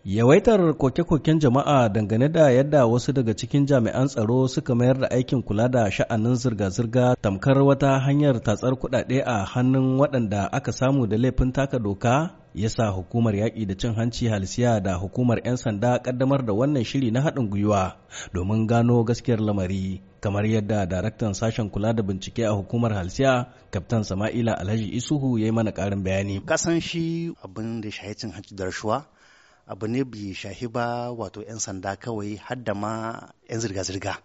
Yawaitar koke-koken jama'a dangane da yadda wasu daga cikin jami'an tsaro suka mayar da aikin kula da sha'anin zirga-zirga tamkar wata hanyar tatsar kuɗaɗe a hannun waɗanda aka samu da laifin taka doka ya sa hukumar yaƙi da cin hanci halisiya da hukumar 'yan sanda ƙaddamar da wannan shiri na haɗin gwiwa domin gano gaskiyar lamari kamar yadda daraktan sashen kula da bincike a hukumar halsiya kaftan sama'ila alhaji isuhu ya yi mana ƙarin bayani kasan shi abin da cin hanci da rashuwa abu ne bai shahi ba wato 'yan sanda kawai har da ma 'yan zirga-zirga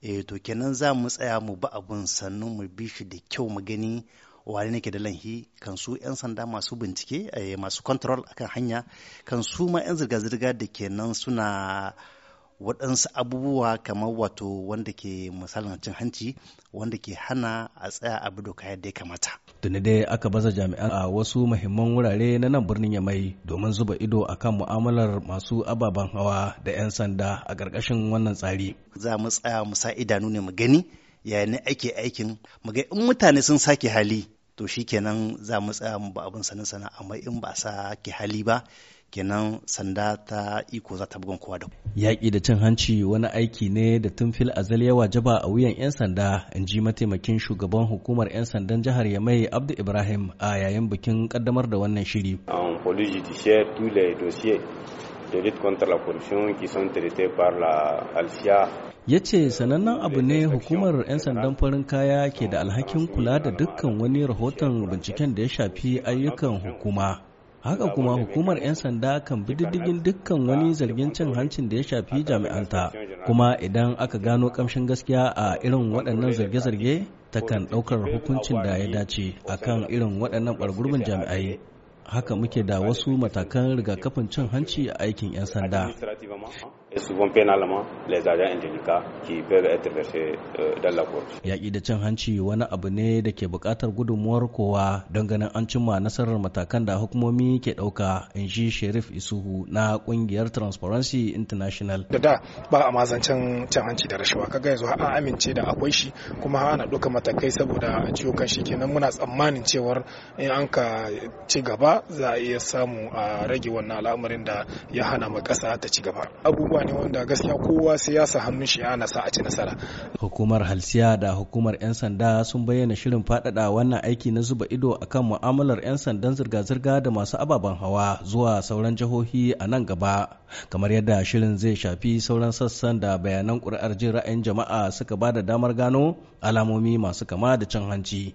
e to kenan za mu tsaya mu ba abun sannu mu bi shi da kyau mu gani wane ne ke da lanhi kan su 'yan sanda masu bincike eh, masu control akan hanya kan su ma 'yan zirga-zirga da kenan suna waɗansu abubuwa kamar wato wanda ke misalin cin hanci wanda ke hana a tsaya abu doka yadda ya kamata. Tuni dai aka baza jami'an a wasu mahimman wurare na nan birnin ya mai domin zuba ido a kan mu'amalar masu ababen hawa da 'yan sanda a ƙarƙashin wannan tsari. Za mu tsaya mu sa idanu ne mu gani yayin ake aikin mu ga in mutane sun sake hali to shi kenan za mu tsaya mu ba abin sanin sana amma in ba sa ke hali ba kenan sanda ta iko za ta bugan kowa da yaƙi da cin hanci wani aiki ne da tun fil azal ya wajaba a wuyan 'yan sanda in ji mataimakin shugaban hukumar 'yan sandan jihar yamai abdu ibrahim a yayin bikin kaddamar da wannan shiri en police judiciaire tous les dossiers de lutte contre la corruption qui sont traités par la ALFIA. Ya ce sanannen abu ne hukumar 'yan sandan farin kaya ke da alhakin kula da dukkan wani rahoton binciken da ya shafi ayyukan hukuma. Haka kuma hukumar 'yan sanda kan bi diddigin dukkan wani zargin cin hancin da ya shafi jami'anta. Kuma idan aka gano kamshin gaskiya a irin waɗannan zarge-zarge, ta kan ɗaukar hukuncin da ya dace akan irin waɗannan ɓargurbin jami'ai. haka muke da wasu matakan rigakafin cin hanci a aikin 'yan sanda euh, yaƙi da cin hanci wani abu ne da ke buƙatar gudunmuwar kowa don ganin an cimma nasarar matakan da hukumomi ke ɗauka in ji sherif isuhu na ƙungiyar transparency international da da ba a mazancin cin hanci da rashawa kaga yanzu an amince da akwai shi kuma ana ɗauka matakai saboda ciwo kan shi kenan muna tsammanin cewar in an ka ci gaba za a iya samu a rage wannan al'amarin da ya hana ma kasa ta ci gaba abubuwa ne wanda gaskiya kowa sai ya sa hannun shi ana sa a ci nasara hukumar halsiya da hukumar 'yan sanda sun bayyana shirin faɗaɗa wannan aiki na zuba ido akan mu'amalar 'yan sandan zirga-zirga da masu ababen hawa zuwa sauran jihohi a nan gaba kamar yadda shirin zai shafi sauran sassan da bayanan ƙuri'ar jin ra'ayin jama'a suka ba da damar gano alamomi masu kama da cin hanci